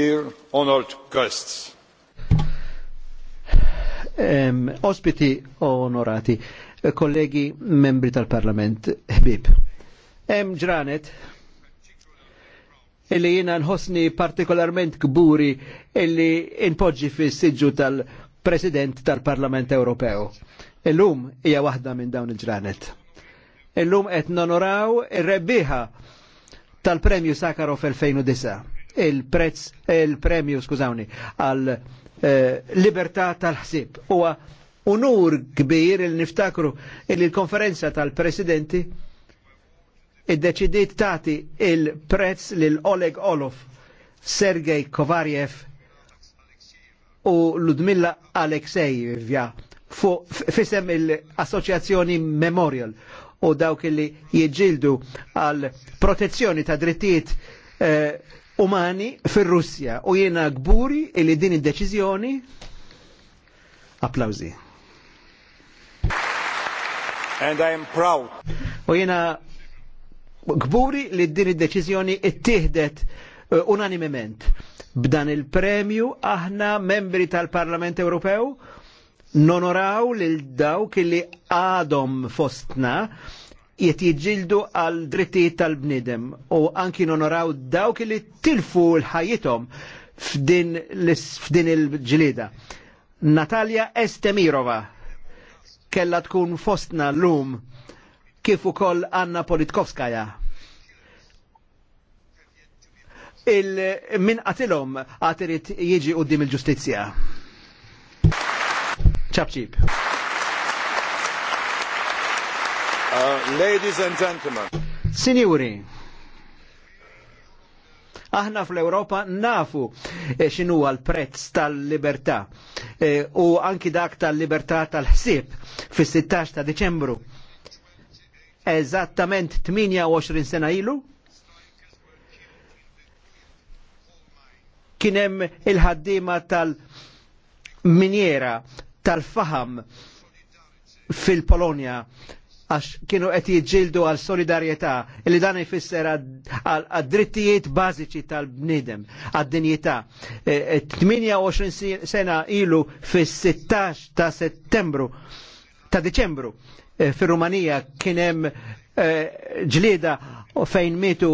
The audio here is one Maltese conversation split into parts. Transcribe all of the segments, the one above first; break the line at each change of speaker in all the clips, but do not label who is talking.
Dear honored guests. Um, ospiti onorati, kollegi membri tal-Parlament, ħbib. Hemm ġranet illi jiena nħossni partikolarment kburi illi inpoġġi fis-siġġu tal-President tal-Parlament Ewropew. Illum hija waħda minn dawn il-ġranet. Illum qed nonoraw ir-rebbieħa tal-Premju Sakharov 2009 il-prezz, il-premju, skużawni, għal eh, libertà tal-ħsib. Huwa unur kbir il-niftakru il-konferenza tal-presidenti id-deċidiet tati il-prezz lil Oleg Olof, Sergej Kovarjev u Ludmilla Aleksejevja fisem il associazzjoni Memorial u dawk li jieġildu għal protezzjoni ta' drittijiet eh, umani fir-Russja u jiena gburi li din id-deċiżjoni applawzi. And I am proud. U jiena gburi li din id-deċiżjoni tihdet eh, unanimement. B'dan il-premju aħna membri tal-Parlament Ewropew nonoraw lil dawk li għadhom fostna jiet jiġildu għal drittijiet tal-bnidem u anki nonoraw dawk li tilfu l-ħajitom f'din, il-ġlida. Natalia Estemirova kella tkun fostna l-lum kif ukoll Anna Politkovskaja. Il-min għatilom għatirit jiġi qudiem il-ġustizzja. Ċabċib. Uh, ladies and gentlemen. Signori, aħna fl-Europa nafu eh, xinu għal-prezz tal-libertà eh, u anki dak tal-libertà tal-ħsib fis-16 ta' Deċembru. Eżattament 28 sena ilu kienem il-ħaddima tal-minjera tal-faham fil-Polonja għax kienu qed jiġġieldu għal solidarjetà li dan jfisser għad drittijiet bażiċi tal-bniedem, għad-dinjità. 28 e, e, sena ilu fis-16 ta' settembru ta' Deċembru e, fir-Rumanija kien hemm ġlieda fejn mitu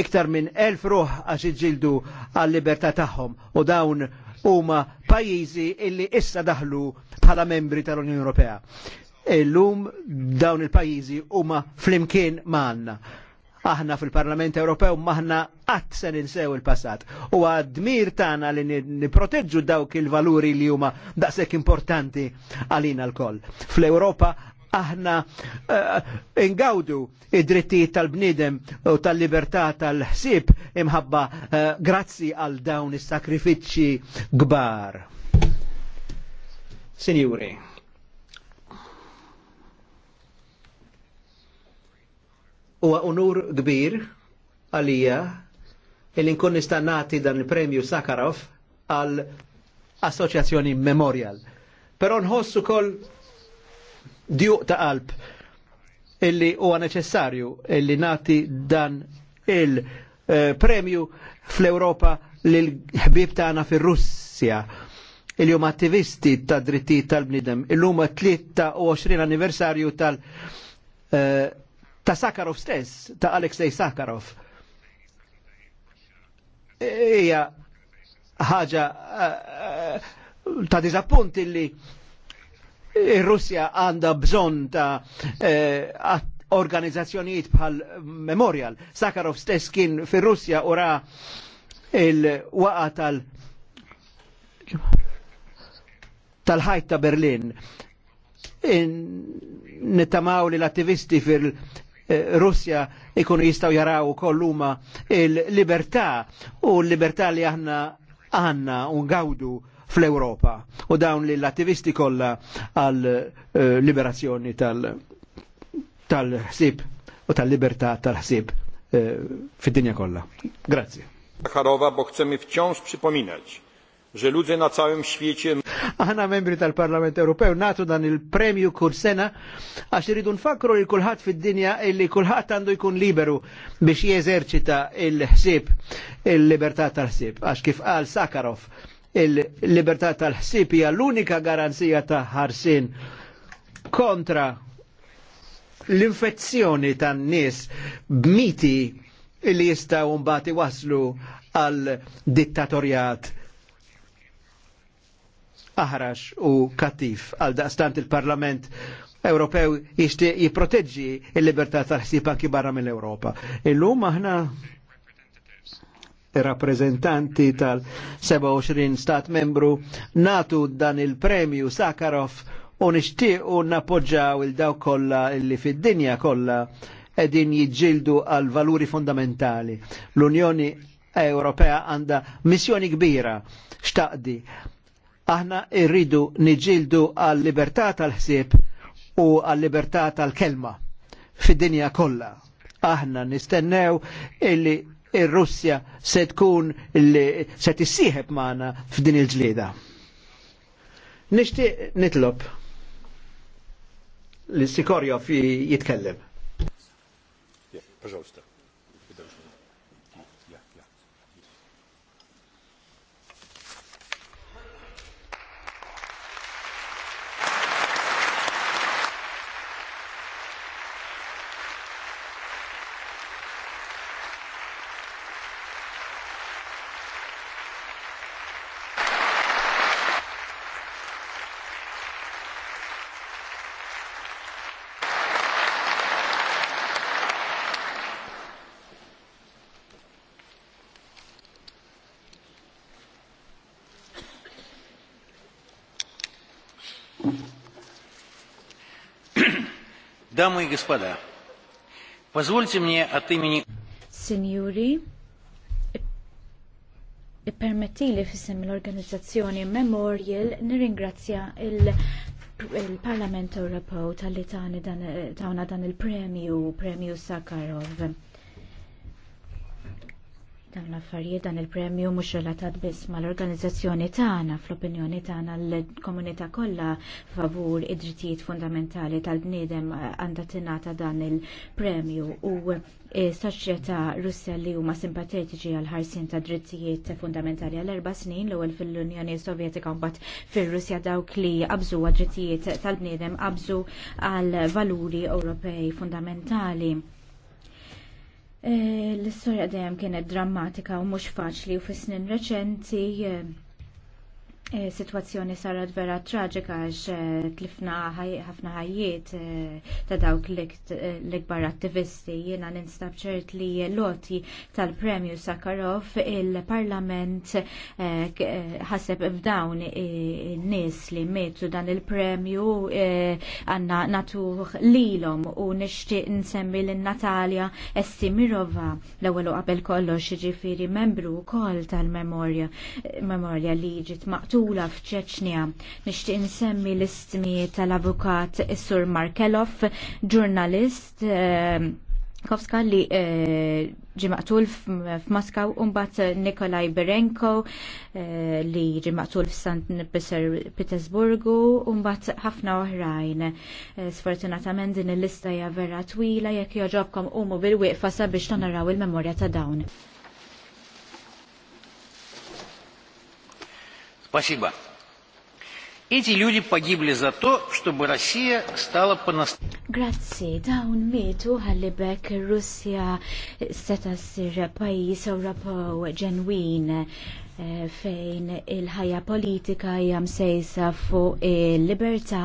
iktar minn elf ruħ għax iġġildu għal-libertà tagħhom u dawn huma pajjiżi illi issa daħlu bħala membri tal-Unjoni Ewropea illum dawn il-pajjiżi huma flimkien manna. Aħna fil-Parlament Ewropew maħna qatt se ninsew il-passat. U għadmir tagħna li niproteġġu dawk il-valuri li huma daqshekk importanti għalina l-koll. Fl-Ewropa aħna uh, ingawdu id-drittijiet tal-bnidem u tal-libertà tal-ħsib imħabba uh, grazzi għal dawn is-sakrifiċċji kbar. Sinjuri. Huwa unur kbir għalija il nkun nista' nagħti dan il-premju Sakharov għal Assoċjazzjoni Memorial. Però nħossu kol djuq ta' qalb illi huwa neċessarju illi nagħti dan il-premju eh, fl-Ewropa lil ħbib tagħna fir-Russja il-jum attivisti ta' dritti tal-bnidem, il u 23 anniversarju tal- uh, ta' Sakharov stess, ta' Aleksej Sakharov. E, Ija ħaġa e, e, ta' dizappunt illi il-Russja għanda bżon ta' organizzazzjonijiet bħal Memorial. Sakharov stess kien fir-Russja ura il-waqa tal- tal-ħajt ta' Berlin. nittamaw li l-attivisti fil- Eh, Russja ikunu jistaw jaraw kolluma il-libertà u l-libertà li aħna għanna u gawdu fl-Europa u dawn li l-attivisti kollha għal eh, liberazzjoni tal-ħsib u tal-libertà tal-ħsib eh, fid-dinja kollha. Grazie. bo chcemy wciąż przypominać, Aħna membri tal-Parlament Ewropew natu dan il-premju kull sena għax iridu nfakru li kulħadd fid-dinja illi kulħadd għandu jkun liberu biex jeżerċita il-ħsieb il-libertà tal-ħsieb għax kif qal Sakarov il-libertà tal-ħsieb hija l-unika garanzija ta' ħarsin kontra l-infezzjoni tan-nies b'miti illi jistgħu mbagħad waslu għal dittatorjat aħrax u kattif għal daqstant il-Parlament Ewropew jixtieq jipproteġġi l-libertà tal-ħsieb anki barra mill-Ewropa. Illum aħna rappresentanti tal-27 stat membru natu dan il-premju Sakharov u nixtiequ nappoġġaw il-daw kollha illi fid-dinja kollha edin jiġġieldu għal valuri fondamentali. L-Unjoni Ewropea għanda missjoni kbira xtaqdi Aħna irridu niġildu għal-libertà tal-ħsieb u għal-libertà tal-kelma fid-dinja kollha. Aħna nistennew illi ir-Russja se tkun se tissieħeb magħna f'din il-ġlieda. Nixtieq nitlob li Sikorjov jitkellem. Yeah, Дамы и господа, позвольте мне от имени...
Signori, e-, e permetti li fissem l-organizzazzjoni Memorial nirringrazzja il-Parlament Europeo tal-li ta' dan il-premju, premju Sakharov. Dan l-affarijiet dan il-premju mhux relatat biss mal-organizzazzjoni tagħna fl-opinjoni tagħna l-komunità kollha favur id-drittijiet fundamentali tal-bniedem għandha tingħata dan il-premju u saċċeta Russja li huma simpatetiċi għal ħarsien ta' drittijiet fundamentali għal erba' snin l-ewwel fil-Unjoni Sovjetika u mbagħad fir-Russja dawk li qabżu għad drittijiet tal-bniedem qabżu għal valuri Ewropej fundamentali. Eh, l-istorja dejjem kienet drammatika u mhux faċli u fis-snin reċenti eh, E, situazzjoni sarat vera traġika għax e, tlifna ħafna ħajjiet e, ta' dawk l-ikbar attivisti. Jena ninstab ċert li loti tal-premju Sakharov il-parlament ħaseb f'dawn n-nis li metu dan il-premju għanna natuħ lilom u nishti nsemmi l-Natalja Estimirova l-ewwel qabel kollox ġifiri membru kol tal-memorja li ġit maqt maqtula f'Ċeċnija. Nixtieq insemmi l-istmi tal-avukat Sur Markelov, ġurnalist eh, Kowska li eh, ġimaqtul f'Moskaw mbagħad Nikolaj Berenko eh, li ġimaqtul f'Sant Petersburgu mbagħad ħafna oħrajn. Sfortunatament din il-lista hija vera twila jekk joġobkom umu bil-wieqfa sabiex tonaraw il-memorja ta' dawn.
Спасибо. Эти люди погибли за то, чтобы Россия стала по-настоящему.
Grazzi, dawn mietu ħalli bekk Russja seta ssir pajjiż Ewropew ġenwin fejn il-ħajja politika hija msejsa fuq il-libertà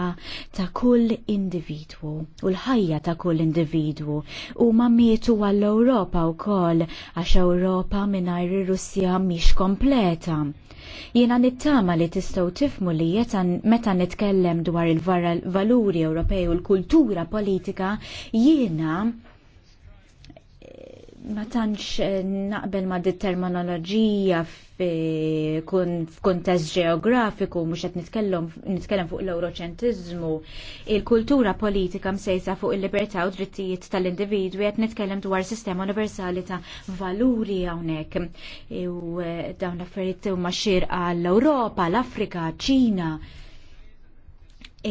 ta' kull individwu u l-ħajja ta' kull individwu u ma mietu għall-Ewropa wkoll għax Ewropa mingħajr ir-Russja kompleta. Jiena nittama li tistgħu tifmu li jetan meta nitkellem dwar il-valuri Ewropej u l-kultura politika jiena ma tantx eh, naqbel ma determinoloġija f'kuntest ġeografiku mhux qed nitkellem fuq l-euroċentizmu. Il-kultura politika msejsa fuq il-libertà u drittijiet tal-individwi qed nitkellem dwar sistema universali ta' valuri hawnhekk. U eh, dawn l-affarijiet huma xirqa l-Ewropa, l-Afrika, ċina.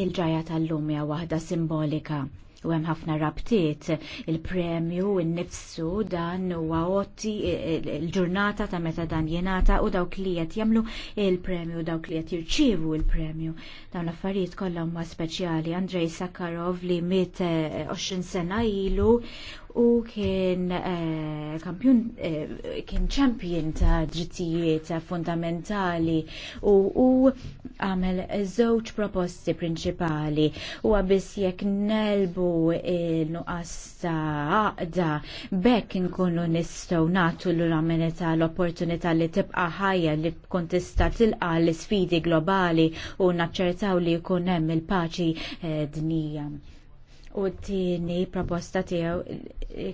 Il-ġajja tal-lumja waħda simbolika u hemm ħafna rabtiet il-premju nnifsu, dan huwa otti l-ġurnata ta' meta dan jenata u dawk li qed jagħmlu il-premju dawk li qed jirċievu il-premju. Dawn l-affarijiet kollha huma speċjali Andrej Sakharov li miet eh, 20 sena ilu u kien eh, kampjun eh, kien champion ta' drittijiet fundamentali u u għamel żewġ proposti prinċipali u għabis jekk nelbu il-nuqas eh, ta' għaqda bekk nkunu nistgħu nagħtu l-amenità l-opportunità li tibqa' ħajja li tkun tista' tilqa' l-isfidi globali u naċċertaw li jkun hemm il-paċi dinija. U t-tieni proposta tiegħu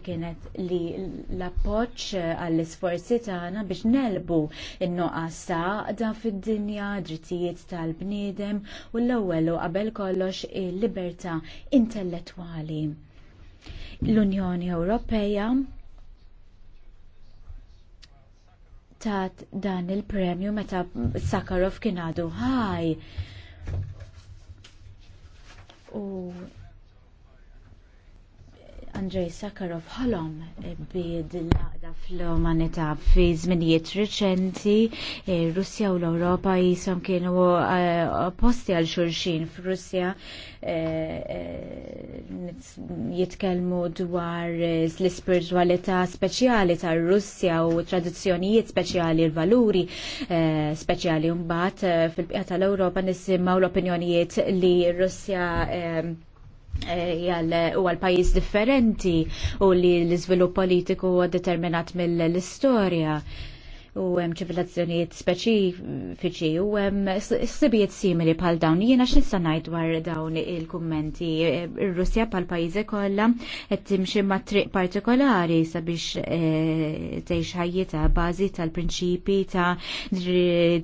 kienet li l-appoġġ għall-isforzi tagħna biex nelbu in-noqas saqda fid-dinja, drittijiet tal-bniedem u l-ewwel u qabel kollox il-libertà intellettwali. L-Unjoni Ewropea tat dan il-premju meta Sakharov kien għadu ħaj. U Andrej Sakharov ħalom bid-laqda fl-umanità fi żminijiet riċenti e, Russja u l-Ewropa jisom kienu e, opposti għal xulxin f'Russja e, jitkellmu dwar l-ispiritualità speċjali tar Russja u tradizzjonijiet speċjali l-valuri speċjali mbagħad fil-bqija tal-Ewropa nisimgħu l-opinjonijiet li Russja jgħal eh, u għal-pajis differenti u li l-izvilup politiku għad determinat mill-istoria u hemm ċivilizzazzjonijiet speċifiċi u hemm sibijiet simili bħal dawn. Jiena sa ngħid dwar dawn il-kummenti. Ir-Russja bħal pajjiż kollha qed timxi ma' triq partikolari sabiex eh, tgħix ħajjita bażi tal-prinċipi ta'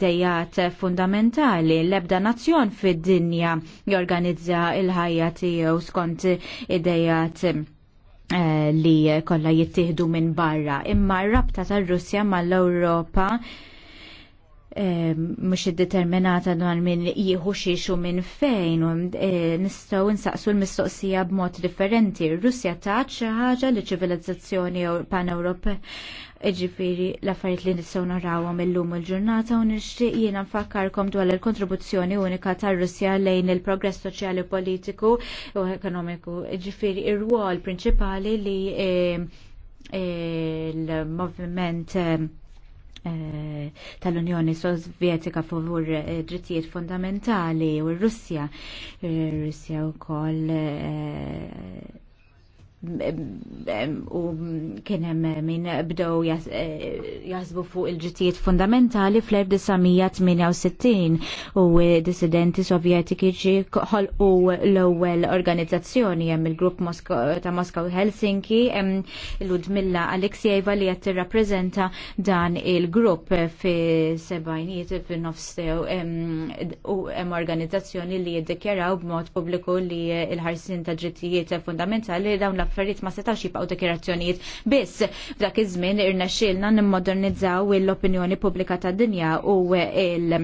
dejjat fundamentali. L-ebda nazzjon fid-dinja jorganizza l ħajja tiegħu skont idejat Eh, li kollha jittieħdu minn barra. Imma r rabta tar-Russja mal-Ewropa mux determinata dwar minn jieħu xiex xu minn fejn u eh, nistaw nsaqsu l-mistoqsija b'mod differenti. Russja taċ xi ħaġa li ċivilizzazzjoni pan-Ewropa ġifiri l-affarijiet li nistgħu narawhom illum il-ġurnata u nixtieq jiena nfakkarkom dwar il-kontribuzzjoni unika tar-Russja lejn il-progress soċjali politiku u ekonomiku. Ġifiri ir-rwol prinċipali li eh, eh, l-moviment Eh, tal-Unjoni Sovjetika favur eh, drittijiet fundamentali u r-Russja. Eh, Russja u koll u hemm min bdew jaħsbu eh, fuq il-ġittijiet fundamentali fl-1968 u dissidenti ġi ħolqu l-ewwel organizzazzjoni hemm il-grupp ta' Moskow Helsinki hemm Ludmilla Aleksejeva li qed tirrappreżenta dan il-grupp fi sebajnijiet fin nofsew u hemm organizzazzjoni li jiddikjaraw b'mod pubbliku li l-ħarsin ta' ġittijiet fundamentali dawn la affarijiet ma setax jibqgħu dekirazzjonijiet. Biss f'dak iż-żmien irnexxielna nimmodernizzaw l-opinjoni pubblika tad-dinja u il-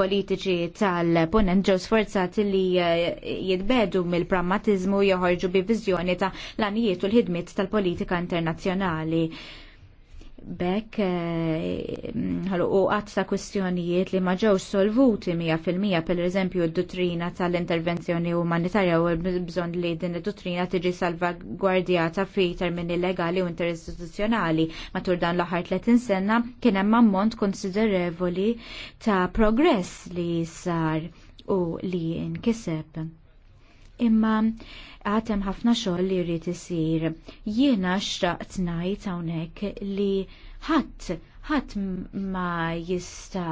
politiċi tal-ponent ġew sforzati li eh, jitbedu mill prammatiżmu joħorġu bi viżjoni ta' l-anijiet u l-ħidmiet tal-politika internazzjonali bekk eh, ħallu u għatta kustjonijiet li ma ġewx solvuti 100% per eżempju d-dottrina tal-intervenzjoni umanitarja u bżon li din id-dottrina tiġi salvagwardjata fi termini legali u interistituzjonali Matur dan l-aħħar 30 sena kien hemm ammont konsiderevoli ta' progress li sar u li nkiseb imma għatem ħafna xogħol li jrid isir. Jiena xtaqt ngħid hawnhekk li ħadd ħadd ma jista'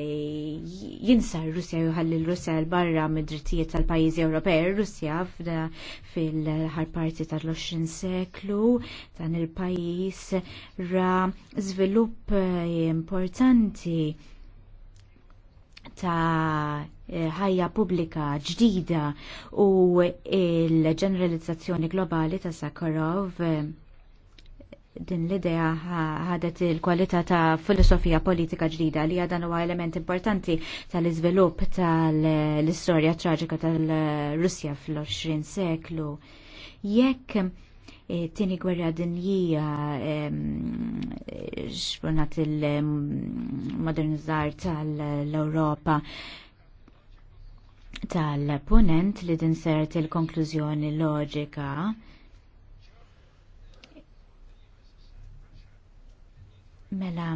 jinsa r-Russja juħalli l-Russja l barra mid-drittijiet tal-pajjiżi Ewropej. Russja f'da fil-ħar parti tal-20 seklu dan il-pajjiż ra żvilupp importanti ta' ħajja pubblika ġdida u il-ġeneralizzazzjoni globali ta' Sakharov eh, din l-idea ħadet il-kwalità ta' filosofija politika ġdida li dan huwa element importanti tal-iżvilupp tal-istorja traġika tal-Russja fl-20 seklu. Jekk eh, tini gwerra dinjija xbunat il-modernizzar tal-Europa tal-punent li dinsert il-konklużjoni loġika Mela,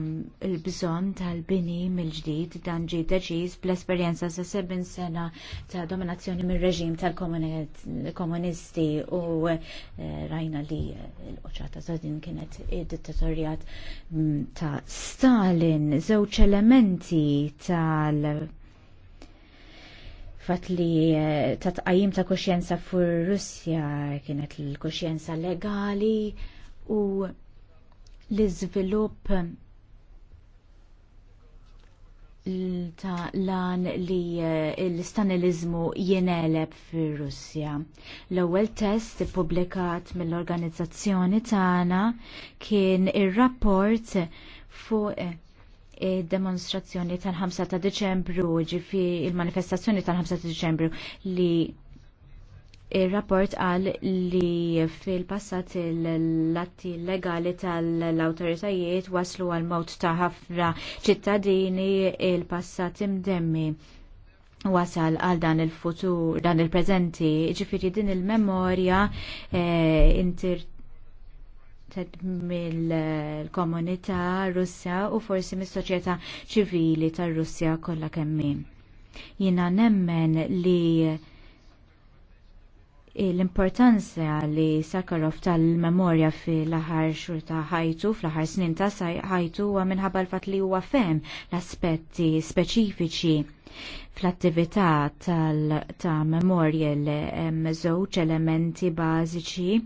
il-bżon tal-bini mill-ġdid dan ġi deċiż bl-esperjenza sa' sebin sena ta' dominazzjoni mir reġim tal-komunisti u eh, rajna li l-oċata ta' din kienet id-dittatorjat mm, ta' Stalin, żewġ elementi tal- fat li eh, ta' tqajjim ta' koxjenza fur Russja kienet l-koxjenza legali u l-iżvilupp ta' lan li eh, l-istanilizmu jeneleb fir Russja. L-ewwel test ippubblikat mill-organizzazzjoni tagħna kien ir-rapport fuq demonstrazzjoni tal-5 ta' Deċembru, ġifi il-manifestazzjoni tal-5 ta' Deċembru li il-rapport għal li fil-passat l-atti legali tal-autoritajiet waslu għal mot ta' ħafna ċittadini il-passat imdemmi wasal għal dan il-futur, dan il-prezenti, ġifiri din il-memorja eh, mill-komunità Russja u forsi mis-soċjetà ċivili tar-Russja kollha kemm Jiena nemmen li l-importanza li Sakharov tal-memorja fil-aħħar xhur ta' ħajtu, fl-aħħar snin ta' ħajtu huwa minħabba l-fatt li huwa fem l-aspetti speċifiċi fl-attività ta' memorja l-żewġ elementi bażiċi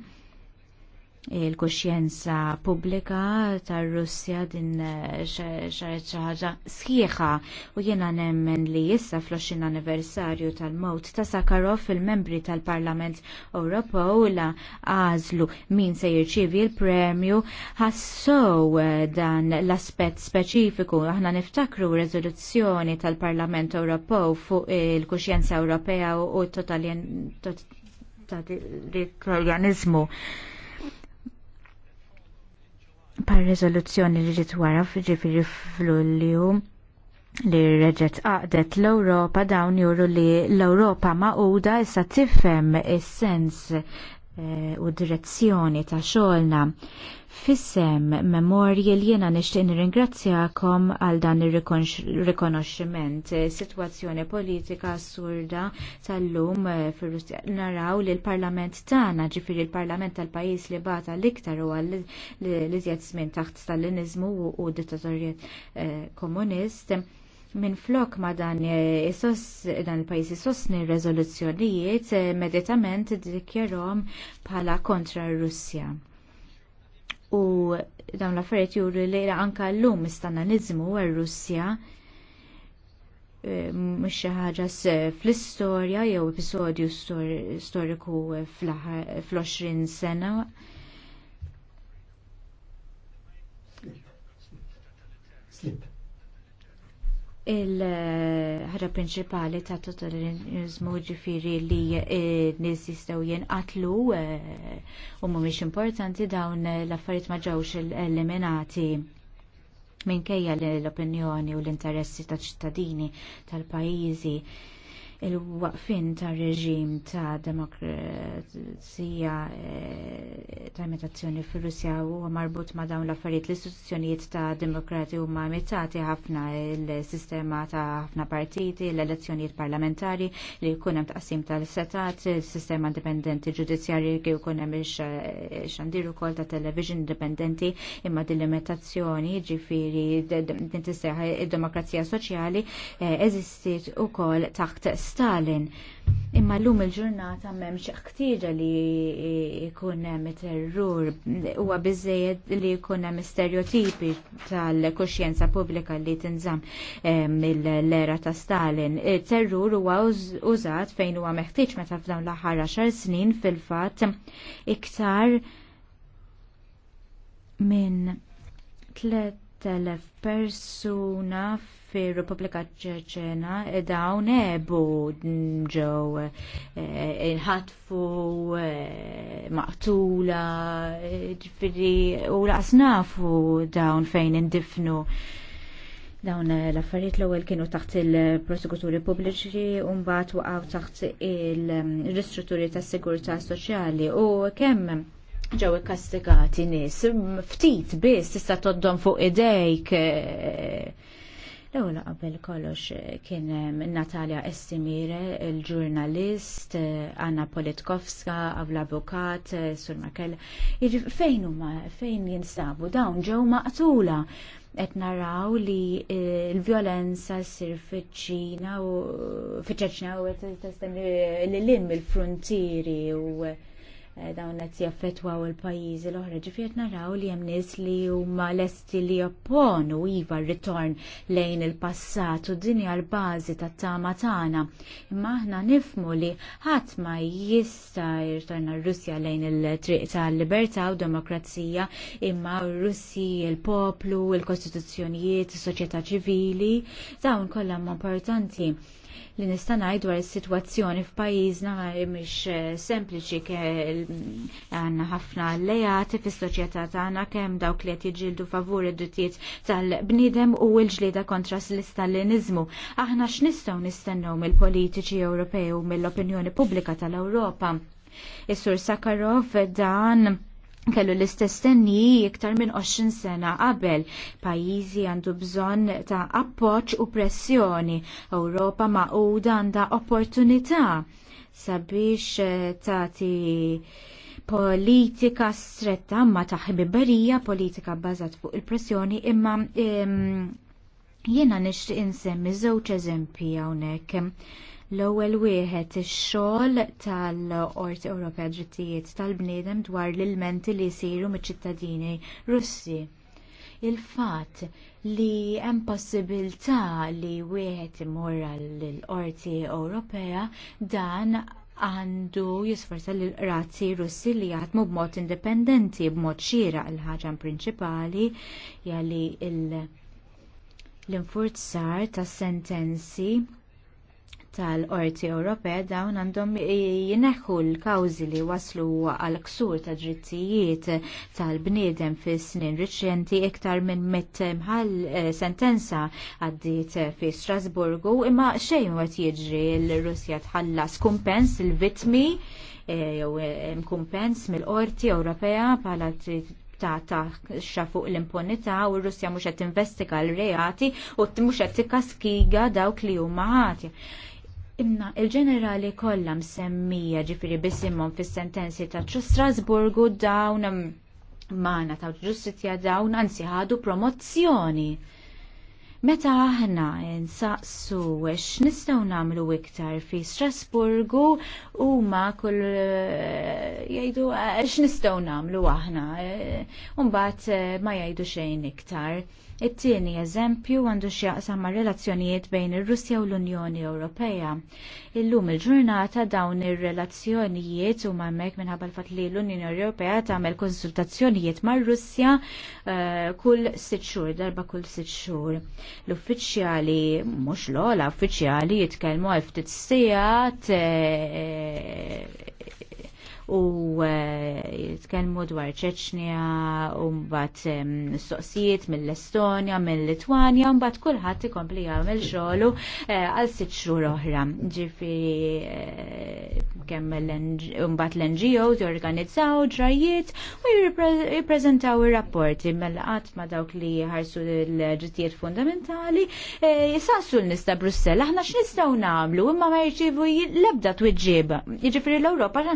il-kuxjenza pubblika tar Russja din eh, xaret xi ħaġa sħiħa u jiena nemmen li issa fl-20 anniversarju tal-mowt ta' Sakharov il-membri tal-Parlament Ewropew la għażlu min se jirċievi l-premju ħassow eh, dan l-aspett speċifiku aħna niftakru rezoluzzjoni tal-Parlament Ewropew fuq il-kuxjenza Ewropea u t l Tot par rezoluzzjoni li ġiet wara fl f'Lulju li reġet għaqdet l ewropa dawn juru li l ewropa Magħquda issa tifhem is-sens u direzzjoni ta' xolna. Fissem memorji li jena nishtiq nirringrazzjakom għal dan ir-rikonoxximent. Sitwazzjoni politika assurda tal-lum eh, naraw li l-Parlament tagħna, ġifieri l-Parlament tal-pajjiż li bata l-iktar u li żjed żmien taħt stalinizmu u dittatorjiet eh, komunist Minn flok ma dan isos, eh, dan il-pajzi sosni rezoluzzjonijiet eh, meditament dikjerom bħala kontra Russja. U dawn l-affarijiet juri li anka l-lum istananizmu għal Russja eh, mux xi ħaġa fl-istorja jew episodju storiku fl-20 sena Slip il-ħra prinċipali ta' totalitarizmu ġifiri li eh, nis jistaw jenqatlu eh, u mumiex importanti dawn l-affarijiet ma ġewx eliminati minkejja l-opinjoni u l-interessi ta' ċittadini tal-pajjiżi il-waqfin ta' reġim ta' demokrazija eh, ta' imitazzjoni fir russja huwa marbut ma' dawn l-affarijiet l-istituzzjonijiet ta' demokrati huma imitati ħafna il-sistema ta' ħafna partiti, l-elezzjonijiet parlamentari li jkun hemm taqsim tal-setat, il-sistema indipendenti ġudizzjarji li jkun hemm xandir ukoll ta' television indipendenti imma din-imitazzjoni, ġifieri din tissejħa id-demokrazija soċjali eh, u kol taħt Stalin. Imma l-lum il-ġurnata memx ħtieġa li ikun hemm terror huwa biżejjed li jkun hemm stereotipi tal-kuxjenza pubblika li tinżamm ehm, mill-era ta' Stalin. Terrur huwa użat fejn huwa meħtieġ meta f'dawn l-aħħar xar snin fil-fatt iktar minn 3000 persuna fir Repubblika Ċeċena eh, dawn ebu ġew eh, inħatfu eh, maqtula ġifiri u laqsnafu dawn fejn indifnu dawn l-affarijiet l-ewwel kienu taħt il-prosekuturi pubbliċi u mbagħad waqgħu taħt il-ristrutturi tas-sigurtà soċjali u kemm ġew ikkastigati nies ftit biss tista' toddhom fuq idejk L-ewwel qabel kollox eh, kien eh, Natalia Estimire, il-ġurnalist, eh, Anna Politkovska, avukat, Sur Makel. Fejn huma fejn jinsabu dawn ġew maqtula qed naraw li l-vjolenza ssir fiċ-Ċina u fiċ ċina u qed li lim il-frontieri u Eh, dawn qed jaffettwaw il-pajjiżi l-oħra ġifiet naraw li hemm nies li huma lesti li jopponu iva r-ritorn lejn il-passat u dinja l-bażi tat-tama tagħna. Imma aħna nifmu li ħadd ma jista' jirtorna r-Russja lejn il-triq tal-libertà u demokrazija imma r-Russi, il-poplu, il-kostituzzjonijiet, is-soċjetà ċivili, dawn kollha importanti li nista' ngħid dwar is-sitwazzjoni f'pajjiżna mhix eh, sempliċi l- għanna ħafna allejati fis soċjetà tagħna kemm dawk li qed jiġġieldu favur id-drittijiet tal-bniedem u l-ġlieda kontra l-istallinizmu. Aħna x'nistgħu nistennew mill-politiċi Ewropej u mill-opinjoni pubblika tal-Ewropa. Is-Sur Sakarov, dan kellu l-istess iktar minn 20 sena qabel. Pajjiżi għandu bżonn ta' appoġġ u pressjoni. Ewropa maquda għandha opportunità sabiex eh, tagħti politika stretta ma ta' ħbiberija politika bbażat fuq il-pressjoni imma jiena nixtieq insemmi żewġ eżempji hawnhekk. L-ewwel wieħed ix-xogħol tal-Qorti Ewropea Drittijiet tal-Bniedem dwar l-ilmenti li jsiru miċ-ċittadini Russi il-fatt li hemm possibilità li wieħed imur l-Qorti Ewropea dan għandu jisforza l razzi russi li jaħdmu b'mod indipendenti, b'mod xira il-ħaġa prinċipali jali l-infurzar tas sentenzi tal-Qorti Ewropea dawn għandhom jineħħu l-kawżi li waslu għal ksur ta' drittijiet tal-bniedem fis snin riċenti iktar minn mit eh, sentenza għaddiet fi Strasburgu imma xejn għat jiġri l-Russja tħallas kumpens il-vitmi eh, jew eh, kumpens mill-Qorti Ewropea bħala ta' fuq l-impunità u r-Russja mhux qed tinvestiga l-reati u mhux qed tikkaskiga dawk li huma ħati. Imma il-ġenerali kollha msemmija ġifiri bisimhom fis-sentenzi ta' Strasburgu dawn mm, mana ta' ġustizja dawn anzi ħadu promozzjoni Meta aħna nsaqsu x'nistgħu nagħmlu iktar fi Strasburgu huma kull eh, jgħidu eh, x'nistgħu nagħmlu aħna. Eh, Mbagħad ma jgħidu xejn iktar. It-tieni eżempju għandu x'jaqsam ma' relazzjonijiet bejn ir-Russja u l-Unjoni Ewropea. Illum il-ġurnata dawn ir-relazzjonijiet huma hemmhekk minħabba l-fatt li l-Unjoni Ewropea tagħmel konsultazzjonijiet mar-Russja kull sitt xhur, darba kull sitt xhur L-uffiċjali, mhux l-ola uffiċjali jitkellmu għal ftit sigħat eh, u eh, jitkelmu dwar ċeċnija u mbagħad soqsijiet mill-Estonja, mill-Litwanja, mbagħad kulħadd ikompli jagħmel xogħlu eh, għal sitt xhur oħra. Ġifieri eh, kemm mbagħad l-NGOs jorganizzaw ġrajiet u jirrappreżentaw ir-rapporti mill-qatt mela ma dawk li ħarsu l-ġittijiet fundamentali jisassu l-nista Brussell, aħna x'nistgħu nagħmlu imma ma jirċievu l-ebda twiġġieba. Jiġifieri l-Ewropa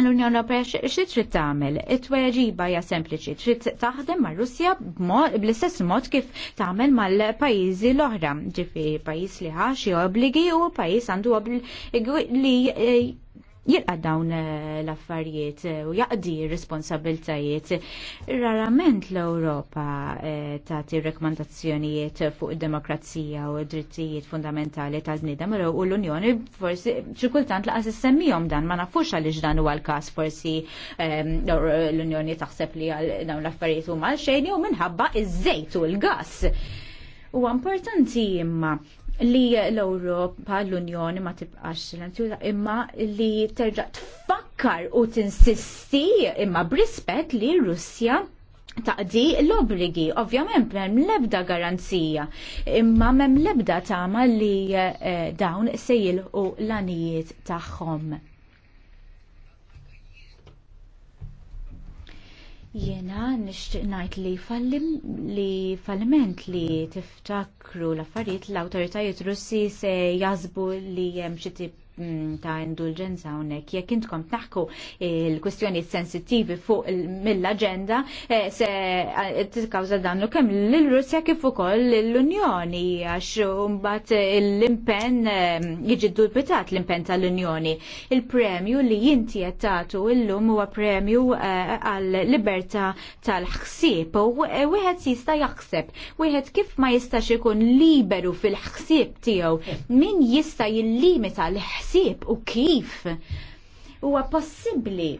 l-Unjoni Ewropea xi trid tagħmel? It-tweġiba hija sempliċi, trid taħdem mar-Russja bl-istess mod kif tagħmel mal-pajjiżi l-oħra, ġifi pajjiż li ħaxi obbligi u pajjiż għandu li eh, jilqa dawn eh, l-affarijiet eh, u jaqdi responsabiltajiet. Rarament l-Europa eh, tagħti rekomandazzjonijiet fuq id-demokrazija u drittijiet fundamentali tal bnidem u l-Unjoni forsi xikultant laqas semmijom dan ma nafux għaliex dan huwa l-każ forsi ehm, l-Unjoni taħseb li dawn l-affarijiet huma għal xejn jew minħabba iż-żejt u l-gass. U importanti imma li l-Ewropa l-Unjoni ma tibqax l imma li terġa' tfakkar u tinsisti imma brispet li Russja taqdi l-obligi, ovvjament mem lebda garanzija, imma mem lebda tama li eh, dawn sejil u l-anijiet taħħom. Jena nixtieq ngħid li fallim li falliment li tiftakru l-affarijiet l-awtoritajiet Russi se jazbu li hemm xi Mm, ta' indulġenza hawnhekk. Jekk intkom taħku il kwestjoni sensittivi fuq mill agenda eh, se eh, t-kawza dannu kemm l russja kif ukoll l-Unjoni għax mbagħad l-impenn eh, jiġi dubitat l-impenn tal-Unjoni. Il-premju li jinti qed tagħtu llum huwa premju għal libertà tal-ħsieb u wieħed jista' jaħseb, wieħed kif ma jistax ikun liberu fil-ħsieb tiegħu. Min jista' jillimita l-ħsieb ħsieb u kif huwa possibbli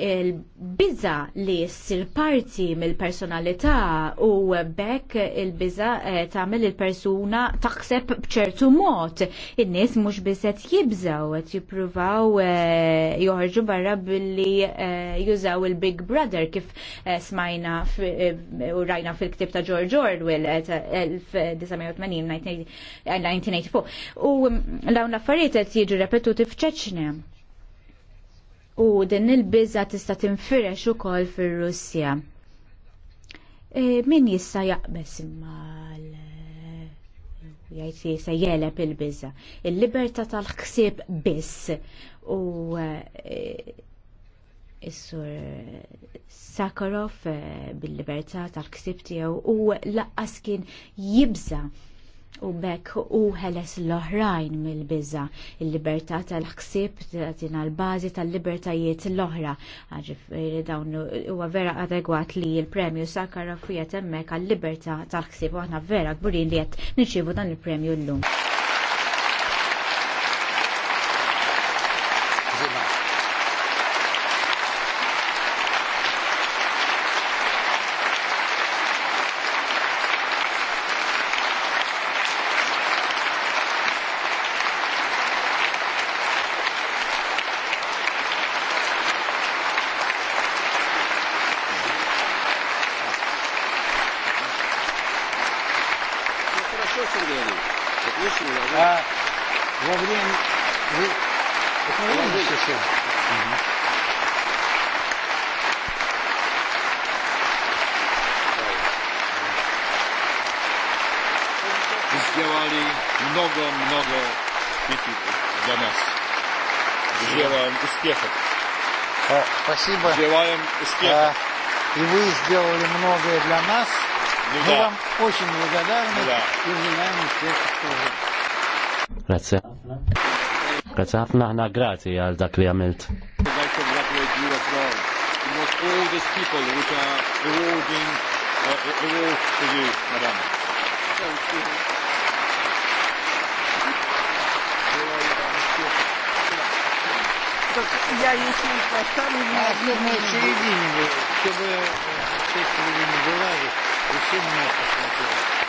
il-biża li sir parti mill-personalità u bekk il-biża eh, tagħmel il-persuna taħseb b'ċertu mod. In-nies mhux biss qed jibżaw qed jippruvaw eh, joħorġu barra billi eh, jużaw il-Big Brother kif smajna u rajna fil-ktib ta' George Orwell 1984 U mm, dawn l-affarijiet qed jiġu repetuti f'Ċeċnja u din il-biża tista' tinfirex ukoll fir-Russja. E, min jista' jaqbes imma jgħid se jeleb il-biża. Il-libertà tal-ħsieb biss u e, Is-sur Sakharov e, bil-libertà tal-ksib tiegħu u laqqas kien jibża u bekk u ħeles l-oħrajn mill biża Il-libertà tal ħsieb tina l-bazi tal-libertajiet l-oħra. Ġifiri dawn huwa vera adegwat li il-premju Sakharov qiegħed hemmhekk għall-libertà tal ħsieb u aħna vera kburin li qed nirċievu dan il-premju llum.
успехов. И вы сделали многое для нас. Мы вам очень благодарны и желаем успехов
Grazie. Grazie ħafna ħna grazie għal dak li għamilt.
Uh, Thank you.
Так я если поставлю на одну середине,
чтобы все середине была и всем нас посмотрели.